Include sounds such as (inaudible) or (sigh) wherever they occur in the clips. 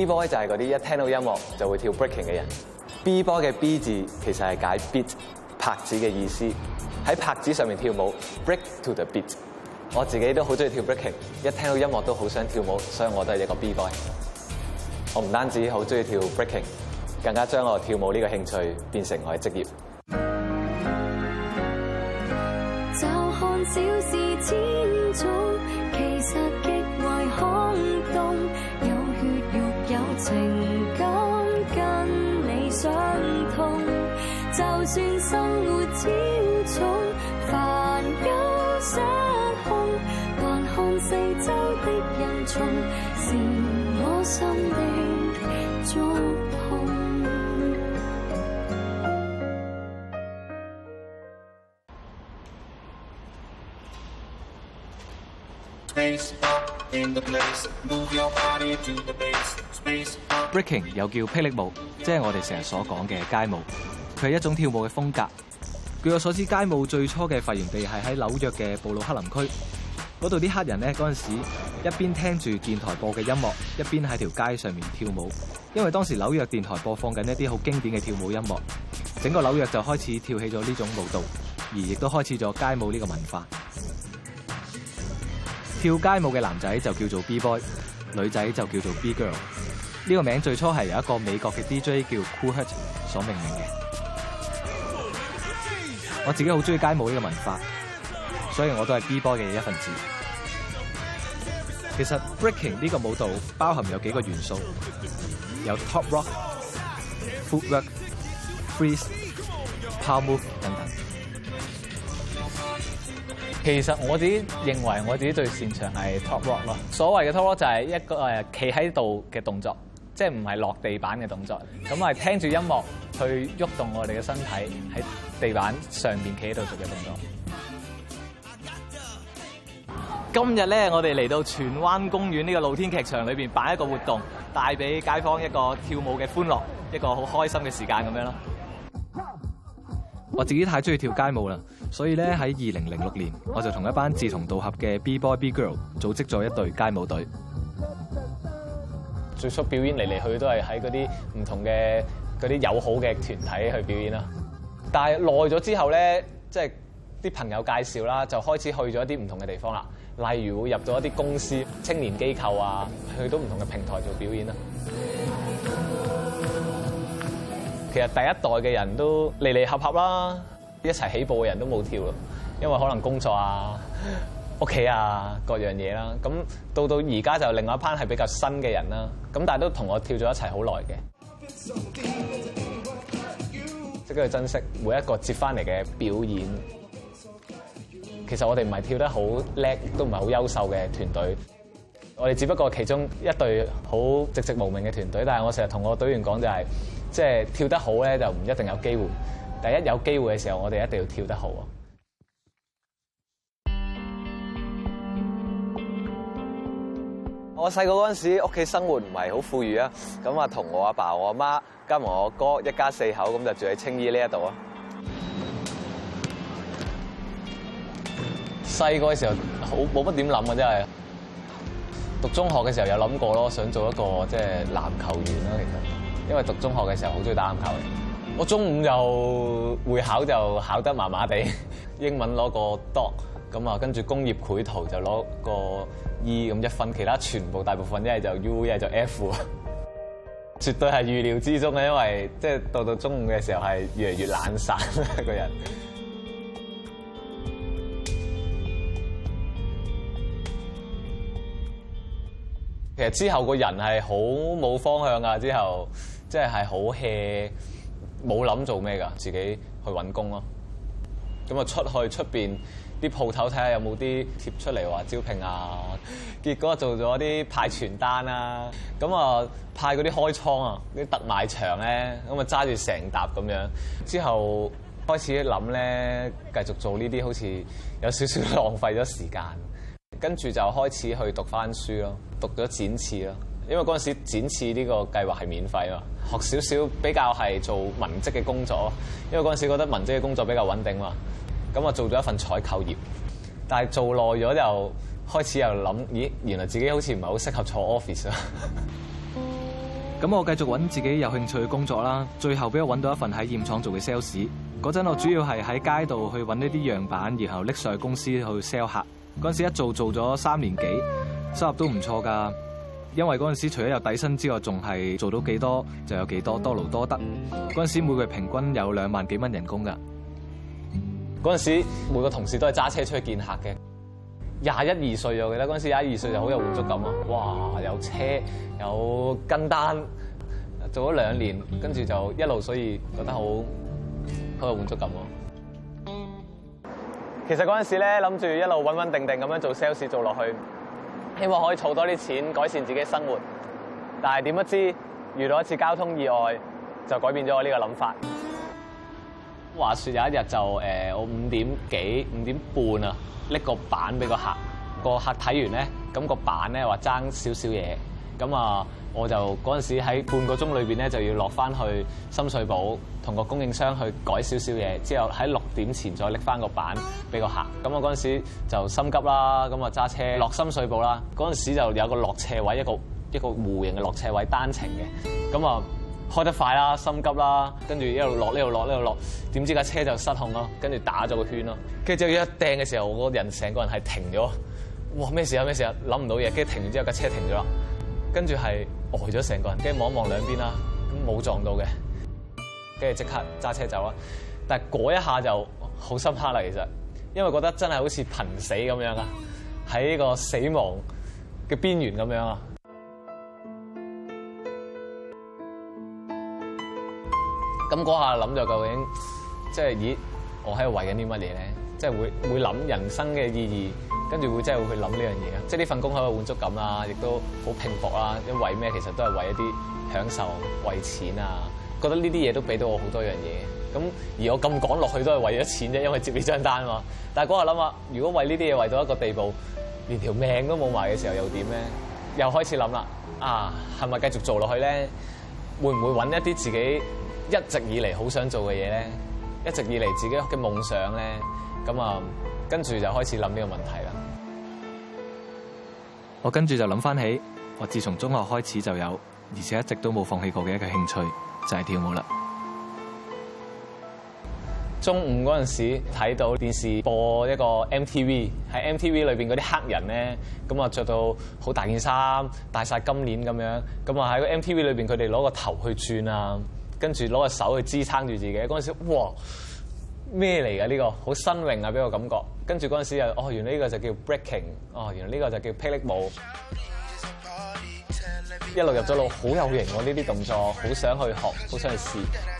B boy 就係嗰啲一聽到音樂就會跳 breaking 嘅人。B boy 嘅 B 字其實係解 beat 拍子嘅意思，喺拍子上面跳舞，break to the beat。我自己都好鍾意跳 breaking，一聽到音樂都好想跳舞，所以我都係一個 B boy。我唔單止好鍾意跳 breaking，更加將我跳舞呢個興趣變成我嘅職業。 (music) 生的我 Breaking 又叫霹靂舞，即係我哋成日所講嘅街舞。佢係一種跳舞嘅風格。據我所知，街舞最初嘅發源地係喺紐約嘅布魯克林區嗰度。啲黑人呢，嗰陣時一邊聽住電台播嘅音樂，一邊喺條街上面跳舞。因為當時紐約電台播放緊一啲好經典嘅跳舞音樂，整個紐約就開始跳起咗呢種舞蹈，而亦都開始咗街舞呢個文化。跳街舞嘅男仔就叫做 B boy，女仔就叫做 B girl。呢個名最初係由一個美國嘅 DJ 叫 Kool Herc 所命名嘅。我自己好中意街舞呢個文化，所以我都係 B boy 嘅一份子。其實 breaking 呢個舞蹈包含有幾個元素，有 top rock、footwork、freeze、power move 等等。其實我自己認為我自己最擅長係 top rock 咯。所謂嘅 top rock 就係一個誒企喺度嘅動作。即係唔係落地板嘅動作，咁我係聽住音樂去喐動，動我哋嘅身體喺地板上邊企喺度做嘅動作。今日咧，我哋嚟到荃灣公園呢個露天劇場裏邊擺一個活動，帶俾街坊一個跳舞嘅歡樂，一個好開心嘅時間咁樣咯。我自己太中意跳街舞啦，所以咧喺二零零六年，我就同一班志同道合嘅 B Boy B Girl 組織咗一隊街舞隊。最初表演嚟嚟去都係喺嗰啲唔同嘅嗰啲友好嘅團體去表演啦，但係耐咗之後咧，即係啲朋友介紹啦，就開始去咗一啲唔同嘅地方啦，例如會入咗一啲公司、青年機構啊，去到唔同嘅平台做表演啦。其實第一代嘅人都離離合合啦，一齊起，起步嘅人都冇跳啦，因為可能工作啊。屋企啊，各樣嘢啦，咁到到而家就另外一班係比較新嘅人啦，咁但係都同我跳咗一齊好耐嘅，即係要珍惜每一個接翻嚟嘅表演。其實我哋唔係跳得好叻，都唔係好優秀嘅團隊，我哋只不過其中一隊好寂寂無名嘅團隊。但係我成日同我隊員講就係，即係跳得好咧就唔一定有機會，第一有機會嘅時候我哋一定要跳得好啊！我細個嗰陣時候，屋企生活唔係好富裕啊。咁啊，同我阿爸，爸、我阿媽，加埋我哥，一家四口咁就住喺青衣呢一度啊。細個嘅時候，好冇乜點諗啊，真係。讀中學嘅時候有諗過咯，想做一個即係籃球員啦。其實，因為讀中學嘅時候好中意打籃球嘅。我中五又會考就考得麻麻地，英文攞個 D。咁啊，跟住工業繪圖就攞個 E 咁一分，其他全部大部分一係就 U 一係就 F，絕對係預料之中嘅。因為即係到到中五嘅時候，係越嚟越懶散啦，個人其實之後個人係好冇方向啊。之後即係係好 hea，冇諗做咩㗎，自己去揾工咯。咁啊，出去出邊。啲鋪頭睇下有冇啲貼出嚟話招聘啊，結果做咗啲派傳單呀，咁啊派嗰啲開倉啊，啲特賣場咧，咁啊揸住成沓咁樣，之後開始諗咧，繼續做呢啲好似有少少浪費咗時間，跟住就開始去讀翻書咯，讀咗展翅咯，因為嗰陣時展翅呢個計劃係免費啊嘛，學少少比較係做文職嘅工作，因為嗰陣時覺得文職嘅工作比較穩定嘛。咁我做咗一份採購業，但係做耐咗又開始又諗，咦，原來自己好似唔係好適合坐 office 啊！咁我繼續揾自己有興趣嘅工作啦。最後俾我揾到一份喺染廠做嘅 sales。嗰陣我主要係喺街度去揾呢啲樣板，然後拎上公司去 sell 客。嗰陣時一做做咗三年幾，收入都唔錯㗎。因為嗰陣時除咗有底薪之外，仲係做到幾多就有幾多，多勞多得。嗰陣時每個月平均有兩萬幾蚊人工㗎。嗰陣時每個同事都係揸車出去見客嘅，廿一二歲我記得嗰陣時廿一二歲就好有滿足感啊！哇，有車有跟單，做咗兩年，跟住就一路，所以覺得好好有滿足感咯。其實嗰陣時咧諗住一路穩穩定定咁樣做 sales 做落去，希望可以儲多啲錢改善自己生活。但係點不知遇到一次交通意外，就改變咗我呢個諗法。話說有一日就誒，我五點幾五點半啊，搦個板俾個客，個客睇完咧，咁個板咧話爭少少嘢，咁啊，我就嗰陣時喺半個鐘裏面咧就要落翻去深水埗，同個供應商去改少少嘢，之後喺六點前再拎翻個板俾個客，咁我嗰陣時就心急啦，咁啊揸車落深水埗啦，嗰陣時就有個落斜位，一個一個弧形嘅落斜位單程嘅，咁啊。開得快啦，心急啦，跟住一路落呢度落呢度落，點知架車就失控咯，跟住打咗個圈咯，跟住之後一掟嘅時候，我個人整個人成個人係停咗，哇咩事啊咩事啊，諗唔到嘢，跟住停完之後架車停咗，跟住係呆咗成個人，跟住望一望兩邊啦，咁冇撞到嘅，跟住即刻揸車走啦，但係嗰一下就好深刻啦，其實，因為覺得真係好似瀕死咁樣啊，喺呢個死亡嘅邊緣咁樣啊。咁嗰下諗就究竟即係、就是、咦，我喺度為緊啲乜嘢咧？即、就、係、是、會會諗人生嘅意義，跟住會即係會去諗呢樣嘢啊！即係呢份工係咪滿足感啊，亦都好拼搏啊。因為咩其實都係為一啲享受、為錢啊。覺得呢啲嘢都俾到我好多樣嘢。咁而我咁講落去都係為咗錢啫，因為接呢張單嘛。但係嗰下諗下，如果為呢啲嘢為到一個地步，連條命都冇埋嘅時候，又點咧？又開始諗啦啊，係咪繼續做落去咧？會唔會揾一啲自己？一直以嚟好想做嘅嘢咧，一直以嚟自己嘅夢想咧，咁啊，跟住就開始諗呢個問題啦。我跟住就諗翻起，我自從中學開始就有，而且一直都冇放棄過嘅一個興趣就係跳舞啦。中五嗰陣時睇到電視播一個 MTV，喺 MTV 裏邊嗰啲黑人咧，咁啊着到好大件衫，戴晒金鏈咁樣，咁啊喺個 MTV 裏邊，佢哋攞個頭去轉啊。跟住攞個手去支撐住自己，嗰陣時哇，咩嚟㗎？呢個好新穎啊，俾我感覺。跟住嗰陣時又哦，原來呢個就叫 breaking。哦，原來呢個就叫霹靂舞。一路入咗腦，好有型喎，啊！呢啲動作好想去學，好想去試。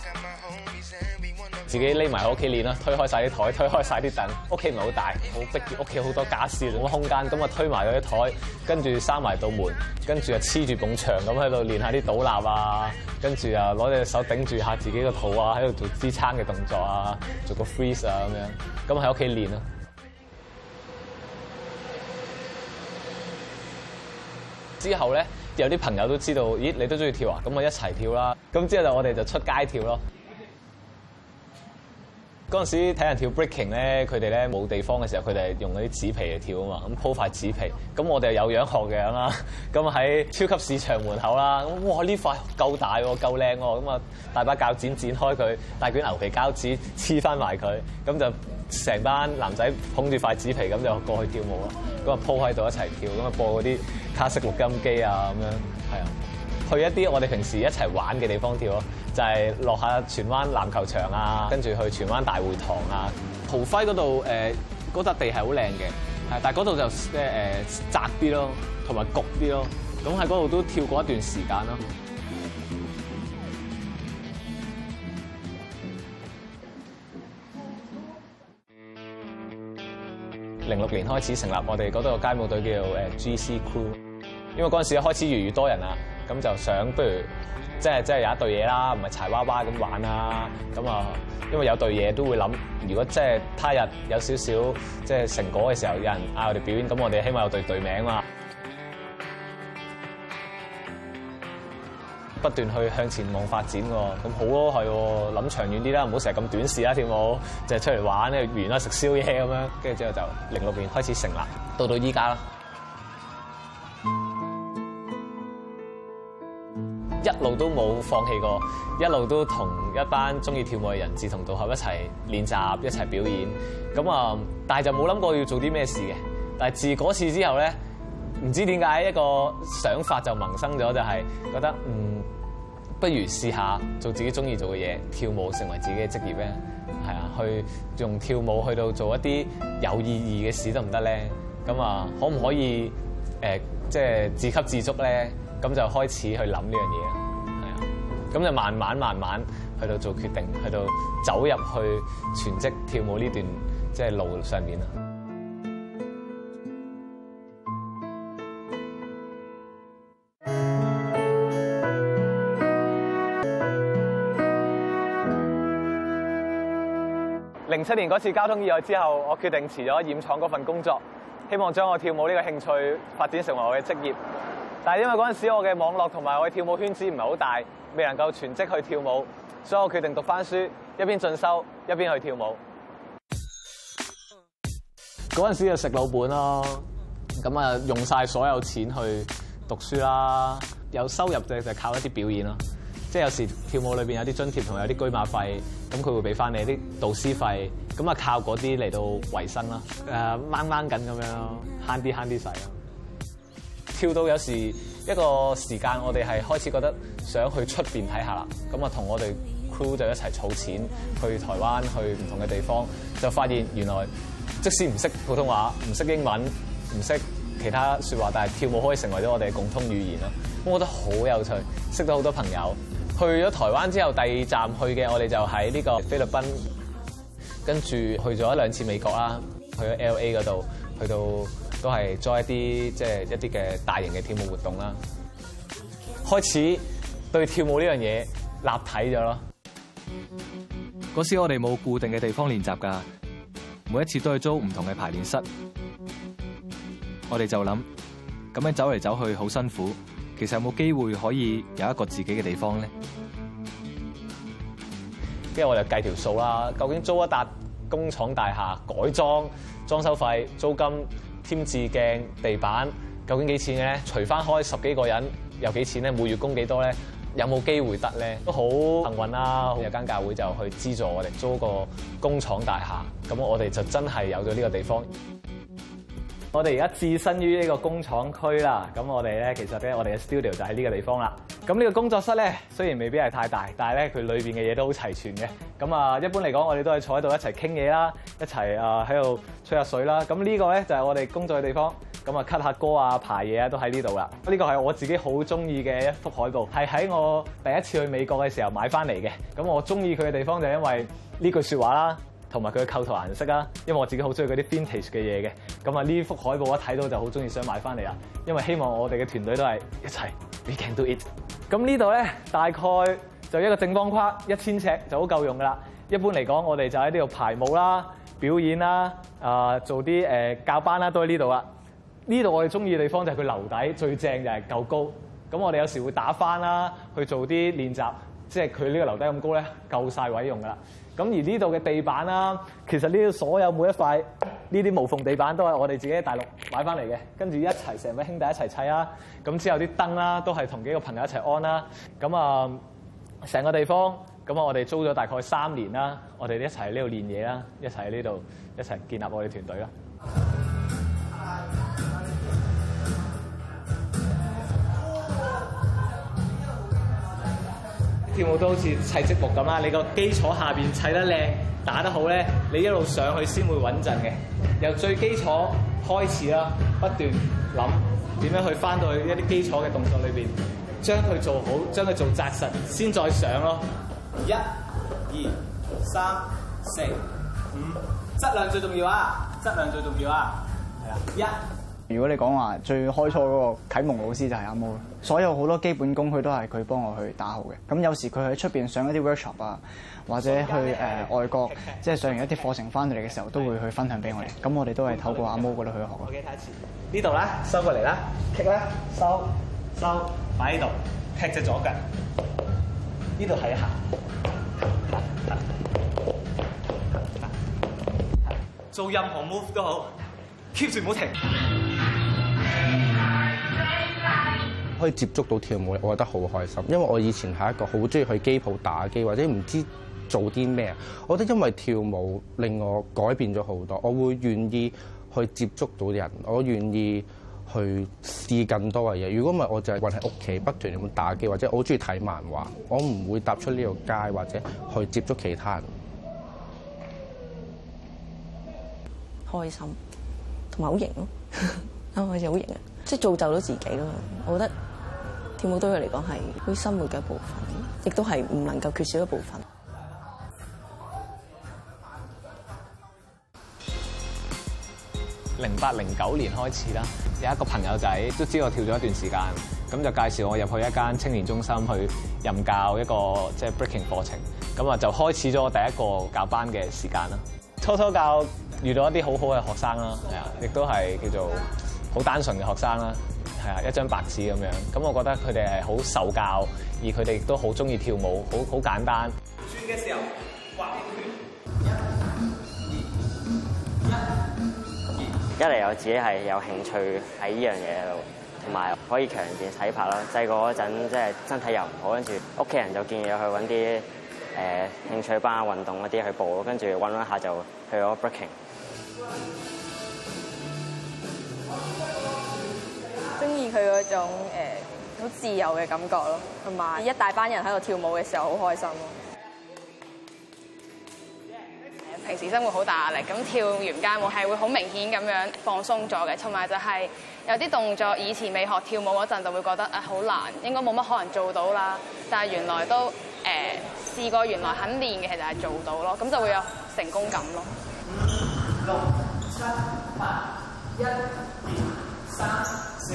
自己匿埋喺屋企練啦，推開曬啲台，推開曬啲凳。屋企唔係好大，好逼嘅。屋企好多傢俬咁嘅空間。咁啊，推埋咗啲台，跟住閂埋道門，跟住啊黐住埲牆咁喺度練下啲倒立啊，跟住啊攞隻手頂住下自己個肚啊，喺度做支撐嘅動作啊，做個 freeze 啊咁樣。咁喺屋企練啦。之後咧，有啲朋友都知道，咦，你都中意跳啊？咁我一齊跳啦。咁之後就我哋就出街跳咯。嗰陣時睇人跳 breaking 咧，佢哋咧冇地方嘅時候，佢哋係用嗰啲紙皮嚟跳啊嘛，咁鋪塊紙皮，咁我哋有樣學樣啦，咁喺超級市場門口啦，咁哇呢塊夠大喎，夠靚喎，咁啊大把鉸剪剪開佢，大卷牛皮膠紙黐翻埋佢，咁就成班男仔捧住塊紙皮咁就過去跳舞啦，咁啊鋪喺度一齊跳，咁啊播嗰啲卡式錄音機啊咁樣，係啊。去一啲我哋平時一齊玩嘅地方跳咯，就係、是、落下荃灣籃球場啊，跟住去荃灣大會堂啊，蒲輝嗰度嗰笪地係好靚嘅，但嗰度就、呃、窄啲咯，同埋焗啲咯。咁喺嗰度都跳過一段時間咯。零六年開始成立我哋嗰度嘅街舞隊叫做誒 GC Crew，因為嗰陣時開始越嚟越多人啊。咁就想不如，即係即係有一隊嘢啦，唔係柴娃娃咁玩啦。咁啊，因為有隊嘢都會諗，如果即係他日有少少即係成果嘅時候，有人嗌我哋表演，咁我哋希望有隊隊名嘛。 (music) 不斷去向前望發展喎，咁好咯，係諗長遠啲啦，唔好成日咁短視啦，添喎。跳舞就係出嚟玩咧，完啦，食宵夜咁樣，跟住之後就零六年開始成立，到到依家啦。一路都冇放棄過，一路都同一班中意跳舞嘅人志同道合，一齊練習，一齊表演。咁啊，但係就冇諗過要做啲咩事嘅。但係自嗰次之後咧，唔知點解一個想法就萌生咗，就係覺得嗯，不如試下做自己中意做嘅嘢，跳舞成為自己嘅職業咧，係啊，去用跳舞去到做一啲有意義嘅事，得唔得咧？咁啊，可唔可以誒、呃，即係自給自足咧？咁就開始去諗呢樣嘢，係啊，咁就慢慢慢慢去到做決定，去到走入去全職跳舞呢段即係、就是、路上面啦。零七年嗰次交通意外之後，我決定辭咗染廠嗰份工作，希望將我跳舞呢個興趣發展成為我嘅職業。但係因為嗰陣時我嘅網絡同埋我嘅跳舞圈子唔係好大，未能夠全職去跳舞，所以我決定讀翻書，一邊進修一邊去跳舞。嗰陣時就食老本咯，咁啊用晒所有錢去讀書啦。有收入就就係靠一啲表演咯，即係有時跳舞裏邊有啲津貼同有啲居馬費，咁佢會俾翻你啲導師費，咁啊靠嗰啲嚟到維生啦。誒掹掹緊咁樣，慳啲慳啲使。跳到有時一個時間，我哋係開始覺得想去出面睇下啦。咁啊，同我哋 crew 就一齊儲錢去台灣，去唔同嘅地方，就發現原來即使唔識普通話、唔識英文、唔識其他說話，但係跳舞可以成為咗我哋共通語言咯。咁我覺得好有趣，識到好多朋友。去咗台灣之後，第二站去嘅我哋就喺呢個菲律賓，跟住去咗一兩次美國啦，去咗 LA 嗰度，去到。都係做一啲即係一啲嘅大型嘅跳舞活動啦。開始對跳舞呢樣嘢立體咗咯。嗰時我哋冇固定嘅地方練習㗎，每一次都係租唔同嘅排練室。我哋就諗咁樣走嚟走去好辛苦，其實有冇機會可以有一個自己嘅地方咧？跟住我哋計條數啦，究竟租一笪工廠大廈，改裝裝修費、租金？添置鏡、地板究竟幾錢嘅？除翻開十幾個人，有幾錢咧？每月供幾多咧？有冇機會得咧？都好幸運啦！有間教會就去資助我哋租個工廠大廈，咁我哋就真係有咗呢個地方。我哋而家置身於呢個工廠區啦，咁我哋咧其實咧，我哋嘅 studio 就喺呢個地方啦。咁呢個工作室咧，雖然未必係太大，但係咧佢裏邊嘅嘢都好齊全嘅。咁啊，一般嚟講，我哋都係坐喺度一齊傾嘢啦，一齊啊喺度吹下水啦。咁呢個咧就係我哋工作嘅地方。咁啊，cut 下歌啊，排嘢啊，都喺呢度啦。呢個係我自己好中意嘅一幅海報，係喺我第一次去美國嘅時候買翻嚟嘅。咁我中意佢嘅地方就係因為呢句説話啦。同埋佢嘅構圖顏色啊，因為我自己好中意嗰啲 vintage 嘅嘢嘅，咁啊呢幅海報一睇到就好中意，想買翻嚟啦，因為希望我哋嘅團隊都係一齊，we can do it。咁呢度咧大概就一個正方框一千尺就好夠用噶啦，一般嚟講我哋就喺呢度排舞啦、表演啦、啊、呃、做啲、呃、教班啦都喺呢度啦。呢度我哋中意嘅地方就係佢樓底最正就係夠高，咁我哋有時會打翻啦去做啲練習。即係佢呢個樓底咁高咧，夠晒位用噶啦。咁而呢度嘅地板啦，其實呢度所有每一塊呢啲無縫地板都係我哋自己喺大陸買翻嚟嘅，跟住一齊成班兄弟一齊砌啦，咁之後啲燈啦，都係同幾個朋友一齊安啦。咁啊，成個地方咁啊，我哋租咗大概三年啦。我哋一齊喺呢度練嘢啦，一齊喺呢度一齊建立我哋團隊啦。跳舞都好似砌積木咁啦，你個基礎下面砌得靚，打得好咧，你一路上去先會穩陣嘅。由最基礎開始啦，不斷諗點樣去返到去一啲基礎嘅動作裏面，將佢做好，將佢做紮實，先再上咯。一、二、三、四、五，質量最重要啊！質量最重要啊！係啊，一。如果你講話最開初嗰個啟蒙老師就係阿 Mo，所有好多基本功佢都係佢幫我去打好嘅。咁有時佢喺出邊上一啲 workshop 啊，或者去誒外國，即係上完一啲課程翻到嚟嘅時候，都會去分享俾我哋。咁我哋都係透過阿 Mo 嗰度去學。OK，睇一次。Ię，呢度啦，收過嚟啦 kick 啦，收收，擺喺度，踢隻左腳。呢度係下，做任何 move 都好。keep 住唔好停。可以接觸到跳舞，我覺得好開心。因為我以前係一個好中意去機鋪打機，或者唔知做啲咩。我覺得因為跳舞令我改變咗好多。我會願意去接觸到人，我願意去試更多嘅嘢。如果唔係，我就係困喺屋企不斷咁打機，或者我好中意睇漫畫，我唔會踏出呢條街或者去接觸其他人。開心。唔係好型咯，啱好又好型啊！即係造就咗自己咯。我覺得跳舞對佢嚟講係啲生活嘅一部分，亦都係唔能夠缺少嘅一部分。零八零九年開始啦，有一個朋友仔都知道我跳咗一段時間，咁就介紹我入去一間青年中心去任教一個即係 Breaking 課程，咁啊就開始咗我第一個教班嘅時間啦。初初教遇到一啲好好嘅學生啦，係啊！亦都係叫做好單純嘅學生啦，係啊，一張白紙咁樣。咁我覺得佢哋係好受教，而佢哋亦都好中意跳舞，好好簡單。轉嘅時候，畫圈，一、二、一、二。一嚟我自己係有興趣喺呢樣嘢度，同埋可以強健體魄咯。細個嗰陣即係身體又唔好，跟住屋企人就建議我去搵啲誒興趣班啊、運動嗰啲去報，跟住搵揾下就去咗 breaking。嗯佢嗰種欸好自由嘅感覺咯，同埋一大班人喺度跳舞嘅時候好開心咯，啊。平時生活好大壓力，咁跳完街舞係會好明顯咁樣放鬆咗嘅，同埋就係有啲動作以前未學跳舞嗰陣就會覺得啊好難，應該冇乜可能做到啦。但係原來都誒、欸、試過，原來肯練嘅其實係做到咯，咁就會有成功感咯。五、六、七、八、一、二、三、四。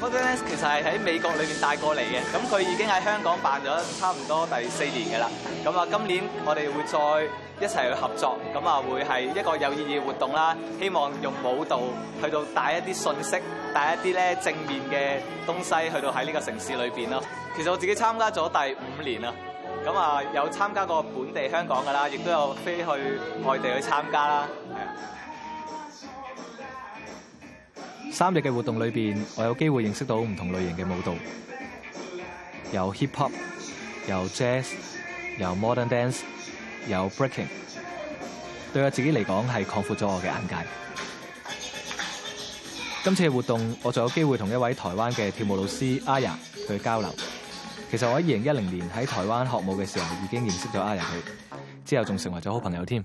我哋咧其實係喺美國裏邊帶過嚟嘅，咁佢已經喺香港辦咗差唔多第四年嘅啦。咁啊，今年我哋會再一齊去合作，咁啊會係一個有意義嘅活動啦。希望用舞蹈去到帶一啲信息，帶一啲咧正面嘅東西去到喺呢個城市裏邊咯。其實我自己參加咗第五年啦，咁啊有參加過本地香港嘅啦，亦都有飛去外地去參加啦。係啊。三日嘅活動裏面，我有機會認識到唔同類型嘅舞蹈，有 hip hop、有 jazz、有 modern dance、有 breaking，對我自己嚟講係擴闊咗我嘅眼界。今次嘅活動，我仲有機會同一位台灣嘅跳舞老師阿仁去交流。其實我喺二零一零年喺台灣學舞嘅時候已經認識咗阿仁佢，之後仲成為咗好朋友添。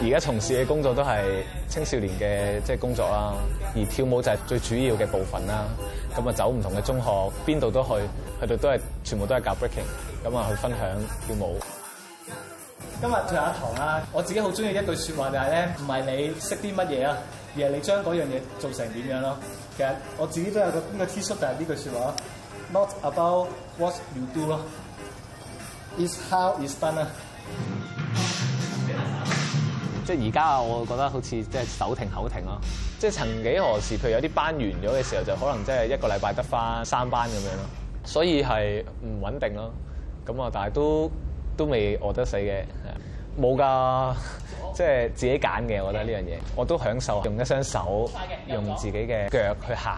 而家從事嘅工作都係青少年嘅即係工作啦，而跳舞就係最主要嘅部分啦。咁啊走唔同嘅中學，邊度都去，去到都係全部都係教 breaking。咁啊去分享跳舞。今日上下堂啦，我自己好中意一句說話就係、是、咧，唔係你識啲乜嘢啊，而係你將嗰樣嘢做成點樣咯。其實我自己都有、這個邊、這個 T-shirt 就係呢句說話，Not about what you do。一考一班啦，即係而家我覺得好似即係手停口停咯。即係曾幾何時，譬如有啲班完咗嘅時候，就可能即係一個禮拜得翻三班咁樣咯。所以係唔穩定咯。咁啊，但係都都未餓得死嘅，冇㗎。即係自己揀嘅，我覺得呢樣嘢我都享受用一雙手，用自己嘅腳去行，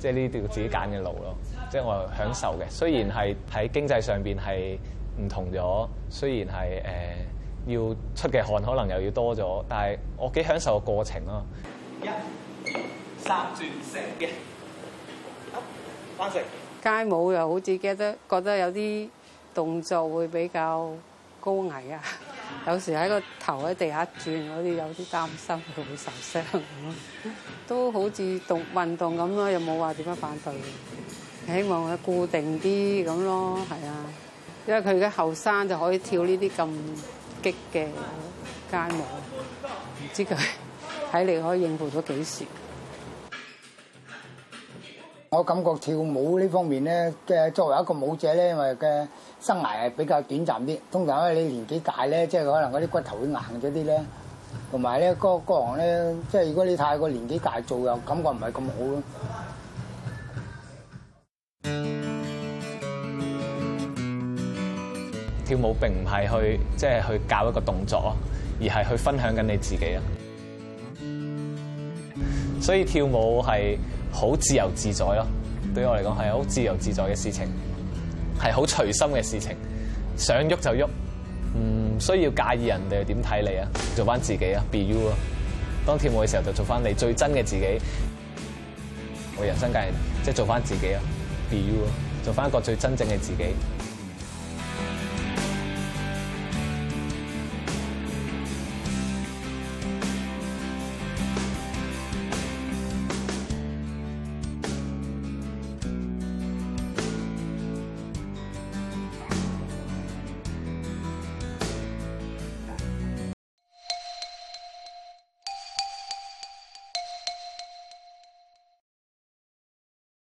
即係呢條自己揀嘅路咯。即係我享受嘅，雖然係喺經濟上面係。唔同咗，雖然係誒、呃、要出嘅汗可能又要多咗，但係我幾享受個過程咯、啊。一二、三轉成嘅，翻成街舞又好似覺得覺得有啲動作會比較高危啊！有時喺個頭喺地下轉，我哋有啲擔心佢會受傷、啊。都好似動運動咁咯，又冇話點樣反對，希望佢固定啲咁咯，係啊。因為佢而家後生，就可以跳呢啲咁激嘅街舞，唔知佢睇你可以應付到幾時。我感覺跳舞呢方面咧嘅作為一個舞者咧，因為嘅生涯係比較短暫啲。通常因為你年紀大咧，即係可能嗰啲骨頭會硬咗啲咧，同埋咧各各行咧，即係如果你太過年紀大做又感覺唔係咁好。跳舞並唔係去即係去教一個動作而係去分享緊你自己啊！所以跳舞係好自由自在咯，對於我嚟講係好自由自在嘅事情，係好隨心嘅事情，想喐就喐，唔需要介意人哋點睇你啊，做翻自己啊，be you 咯！當跳舞嘅時候就做翻你最真嘅自己，我人生界即係做翻自己啊，be you 咯，做翻一個最真正嘅自己。